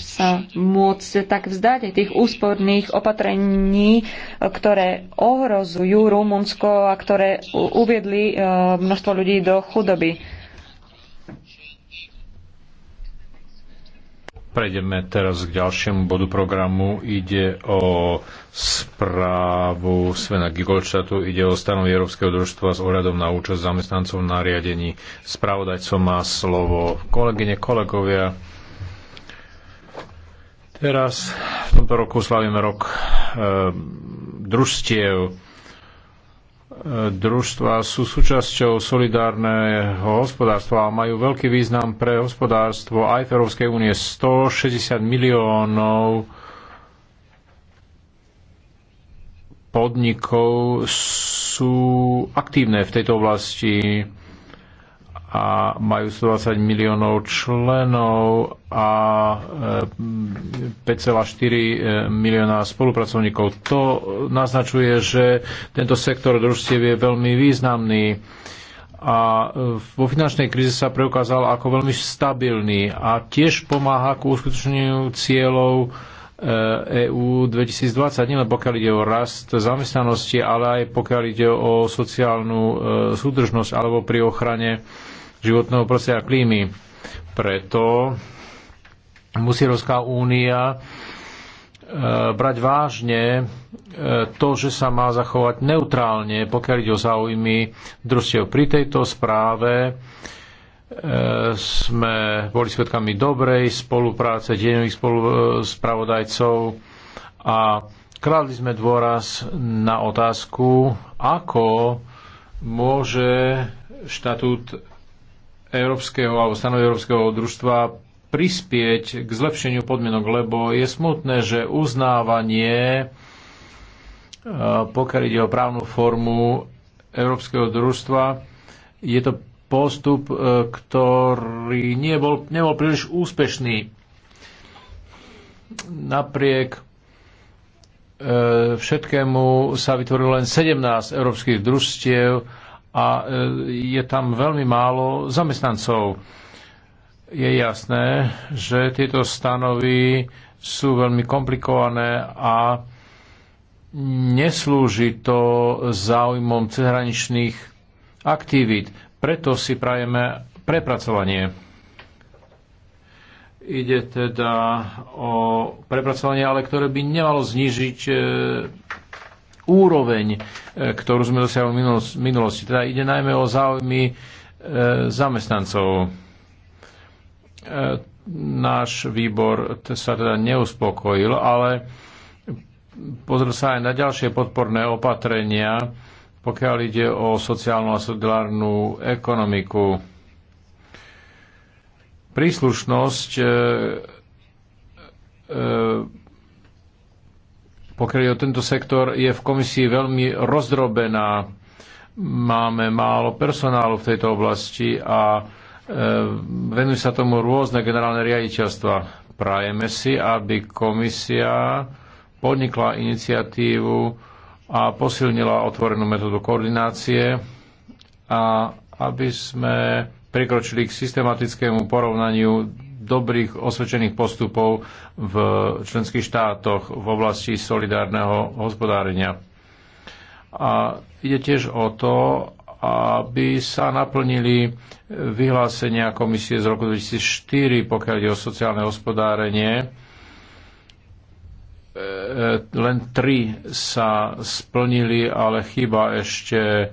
sa môcť tak vzdať tých úsporných opatrení, ktoré ohrozujú Rumunsko a ktoré uviedli e, množstvo ľudí do chudoby. Prejdeme teraz k ďalšiemu bodu programu. Ide o správu Svena Gigolčatu, ide o stanovy Európskeho družstva s ohľadom na účasť zamestnancov na riadení. Spravodajcom má slovo kolegyne, kolegovia. Teraz v tomto roku slavíme rok e, družstiev. E, družstva sú súčasťou solidárneho hospodárstva a majú veľký význam pre hospodárstvo aj v Európskej únie. 160 miliónov podnikov sú aktívne v tejto oblasti a majú 120 miliónov členov a 5,4 e, e, milióna spolupracovníkov. To naznačuje, že tento sektor družstiev je veľmi významný a e, vo finančnej kríze sa preukázal ako veľmi stabilný a tiež pomáha k uskutočneniu cieľov EU 2020, nielen pokiaľ ide o rast zamestnanosti, ale aj pokiaľ ide o sociálnu súdržnosť alebo pri ochrane životného prostredia a klímy. Preto musí Európska únia e, brať vážne e, to, že sa má zachovať neutrálne, pokiaľ ide o záujmy družstiev. Pri tejto správe e, sme boli svetkami dobrej spolupráce deňových spolu, spravodajcov a kladli sme dôraz na otázku, ako môže štatút Európskeho alebo stanov Európskeho družstva prispieť k zlepšeniu podmienok, lebo je smutné, že uznávanie, eh, pokiaľ ide o právnu formu Európskeho družstva, je to postup, eh, ktorý nebol, nebol príliš úspešný. Napriek eh, všetkému sa vytvorilo len 17 európskych družstiev, a e, je tam veľmi málo zamestnancov. Je jasné, že tieto stanovy sú veľmi komplikované a neslúži to záujmom cezhraničných aktivít. Preto si prajeme prepracovanie. Ide teda o prepracovanie, ale ktoré by nemalo znižiť e, úroveň, e, ktorú sme dosiahli v minulosti. Teda ide najmä o záujmy e, zamestnancov. E, náš výbor sa teda neuspokojil, ale pozrel sa aj na ďalšie podporné opatrenia, pokiaľ ide o sociálnu a solidárnu ekonomiku. Príslušnosť e, e, pokiaľ je o tento sektor, je v komisii veľmi rozdrobená. Máme málo personálu v tejto oblasti a e, venujú sa tomu rôzne generálne riaditeľstva. Prajeme si, aby komisia podnikla iniciatívu a posilnila otvorenú metódu koordinácie a aby sme prikročili k systematickému porovnaniu dobrých osvedčených postupov v členských štátoch v oblasti solidárneho hospodárenia. A ide tiež o to, aby sa naplnili vyhlásenia komisie z roku 2004, pokiaľ ide o sociálne hospodárenie. E, e, len tri sa splnili, ale chyba ešte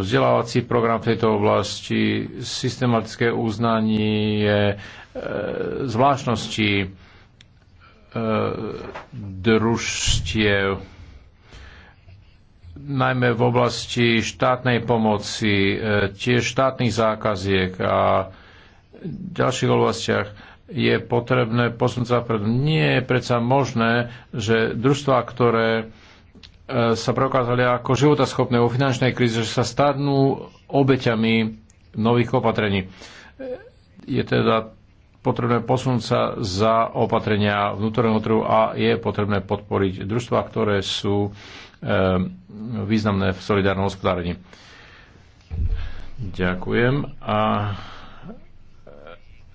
vzdelávací program v tejto oblasti, systematické uznanie e, zvláštnosti e, družstiev, najmä v oblasti štátnej pomoci, e, tiež štátnych zákaziek a ďalších oblastiach je potrebné posunúť sa pred. Nie je predsa možné, že družstva, ktoré sa preukázali ako životaschopné vo finančnej kríze, že sa stanú obeťami nových opatrení. Je teda potrebné posunúť sa za opatrenia vnútorného trhu a je potrebné podporiť družstva, ktoré sú eh, významné v solidárnom hospodárení. Ďakujem. A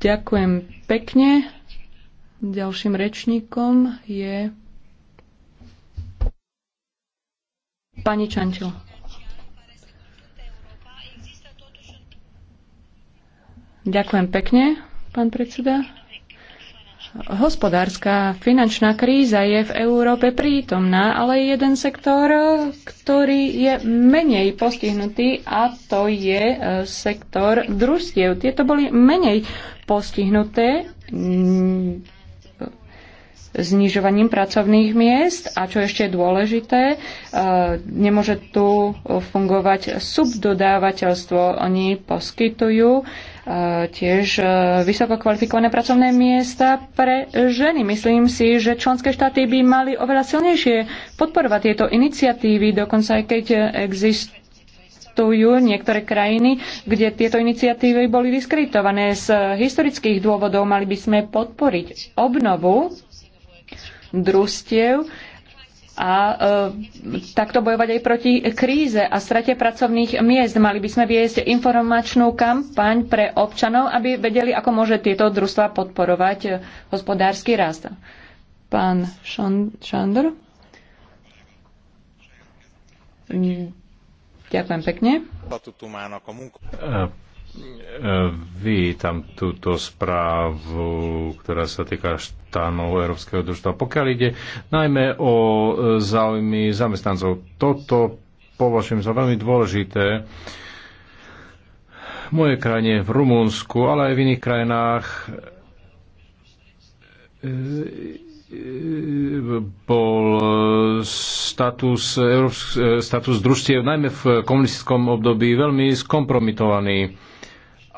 Ďakujem pekne. Ďalším rečníkom je pani Čančil. Ďakujem pekne, pán predseda hospodárska finančná kríza je v Európe prítomná, ale je jeden sektor, ktorý je menej postihnutý a to je e, sektor družstiev. Tieto boli menej postihnuté znižovaním pracovných miest a čo ešte je dôležité, e, nemôže tu fungovať subdodávateľstvo. Oni poskytujú e, tiež e, vysoko kvalifikované pracovné miesta pre ženy. Myslím si, že členské štáty by mali oveľa silnejšie podporovať tieto iniciatívy, dokonca aj keď existujú niektoré krajiny, kde tieto iniciatívy boli diskreditované z historických dôvodov. Mali by sme podporiť obnovu družstiev a e, takto bojovať aj proti kríze a strate pracovných miest. Mali by sme viesť informačnú kampaň pre občanov, aby vedeli, ako môže tieto družstva podporovať hospodársky rast. Pán Šandr? Ďakujem pekne. E, vítam túto správu, ktorá sa týka štánov Európskeho družstva. Pokiaľ ide najmä o e, záujmy zamestnancov, toto považujem za veľmi dôležité. V mojej krajine, v Rumunsku, ale aj v iných krajinách e, bol status, status družstiev, najmä v komunistickom období, veľmi skompromitovaný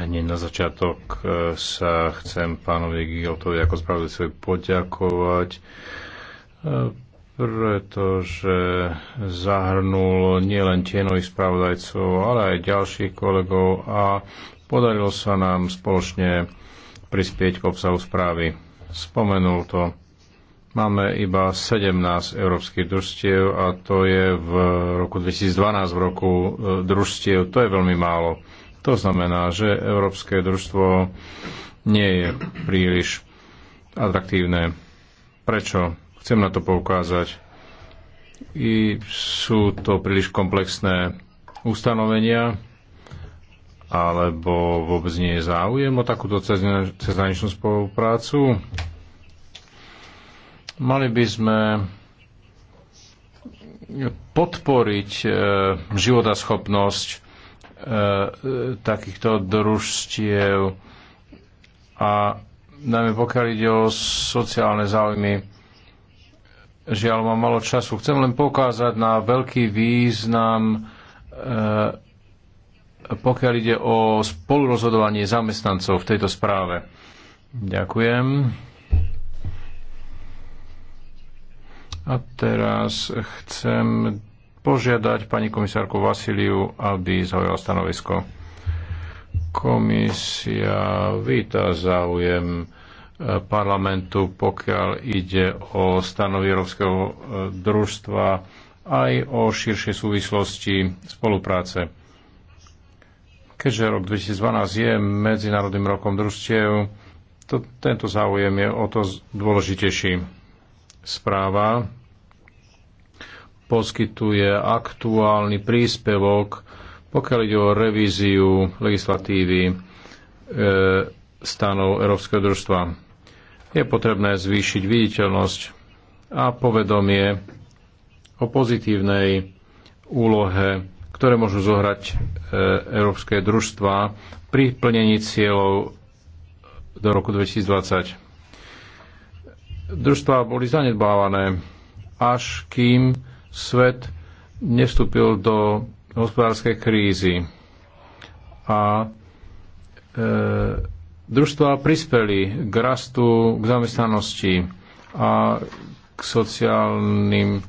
Hneď na začiatok e, sa chcem pánovi Gigeltovi ako spravodajcovi poďakovať, e, pretože zahrnul nielen tienových spravodajcov, ale aj ďalších kolegov a podarilo sa nám spoločne prispieť k obsahu správy. Spomenul to. Máme iba 17 európskych družstiev a to je v roku 2012 v roku e, družstiev. To je veľmi málo to znamená, že Európske družstvo nie je príliš atraktívne. Prečo? Chcem na to poukázať. I sú to príliš komplexné ustanovenia, alebo vôbec nie je záujem o takúto cezhraničnú spoluprácu. Mali by sme podporiť e, životaschopnosť E, takýchto družstiev a najmä pokiaľ ide o sociálne záujmy. Žiaľ, mám malo času. Chcem len pokázať na veľký význam, e, pokiaľ ide o spolurozhodovanie zamestnancov v tejto správe. Ďakujem. A teraz chcem požiadať pani komisárku Vasiliu, aby zaujala stanovisko. Komisia víta záujem eh, parlamentu, pokiaľ ide o stanovy Európskeho eh, družstva aj o širšej súvislosti spolupráce. Keďže rok 2012 je Medzinárodným rokom družstiev, to, tento záujem je o to dôležitejší. Správa poskytuje aktuálny príspevok, pokiaľ ide o revíziu legislatívy e, stanov Európskeho družstva. Je potrebné zvýšiť viditeľnosť a povedomie o pozitívnej úlohe, ktoré môžu zohrať e, Európske družstva pri plnení cieľov do roku 2020. Družstva boli zanedbávané, až kým svet nevstúpil do hospodárskej krízy a e, družstva prispeli k rastu, k zamestnanosti a k sociálnym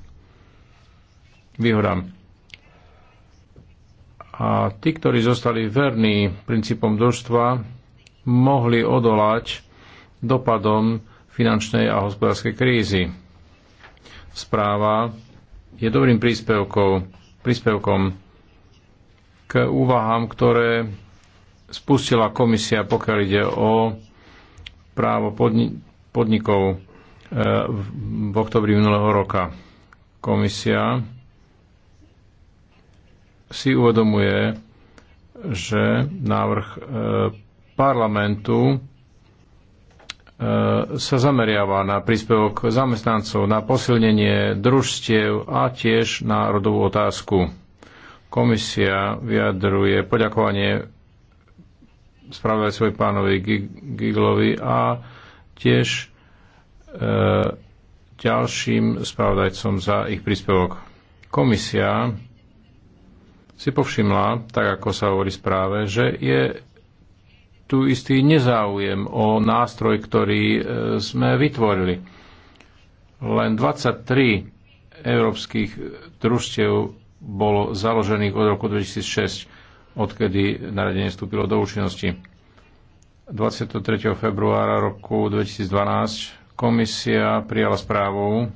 výhodám. A tí, ktorí zostali verní princípom družstva, mohli odolať dopadom finančnej a hospodárskej krízy. Správa je dobrým príspevkom, príspevkom k úvahám, ktoré spustila komisia, pokiaľ ide o právo podni- podnikov e, v oktobri minulého roka. Komisia si uvedomuje, že návrh e, parlamentu E, sa zameriava na príspevok zamestnancov, na posilnenie družstiev a tiež na rodovú otázku. Komisia vyjadruje poďakovanie svoj pánovi Giglovi a tiež e, ďalším spravodajcom za ich príspevok. Komisia si povšimla, tak ako sa hovorí správe, že je tu istý nezáujem o nástroj, ktorý e, sme vytvorili. Len 23 európskych družstiev bolo založených od roku 2006, odkedy naradenie vstúpilo do účinnosti. 23. februára roku 2012 komisia prijala správu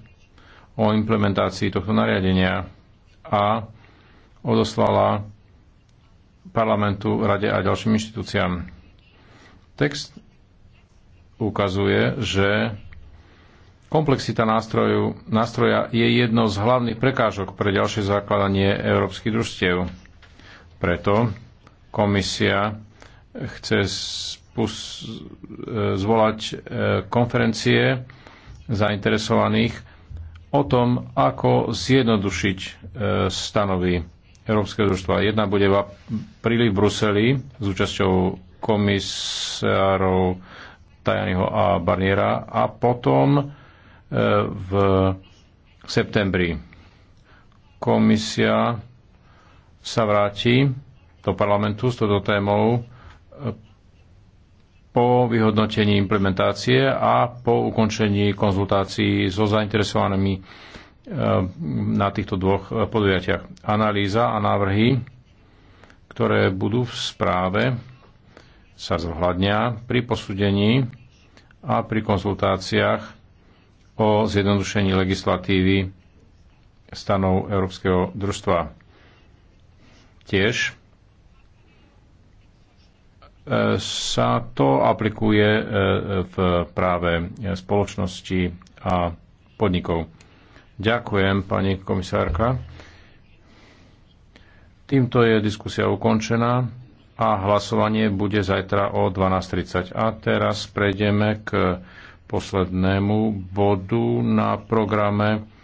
o implementácii tohto nariadenia a odoslala parlamentu, rade a ďalším inštitúciám. Text ukazuje, že komplexita nástroju, nástroja je jedno z hlavných prekážok pre ďalšie zakladanie európskych družstiev. Preto komisia chce e, zvolať e, konferencie zainteresovaných o tom, ako zjednodušiť e, stanovy Európskeho družstva. Jedna bude v apríli v Bruseli s účasťou komisárov Tajaniho a Barniera a potom e, v septembri komisia sa vráti do parlamentu s touto témou e, po vyhodnotení implementácie a po ukončení konzultácií so zainteresovanými e, na týchto dvoch podujatiach. Analýza a návrhy, ktoré budú v správe, sa zohľadňa pri posúdení a pri konzultáciách o zjednodušení legislatívy stanov Európskeho družstva. Tiež e, sa to aplikuje e, v práve spoločnosti a podnikov. Ďakujem, pani komisárka. Týmto je diskusia ukončená a hlasovanie bude zajtra o 12.30. A teraz prejdeme k poslednému bodu na programe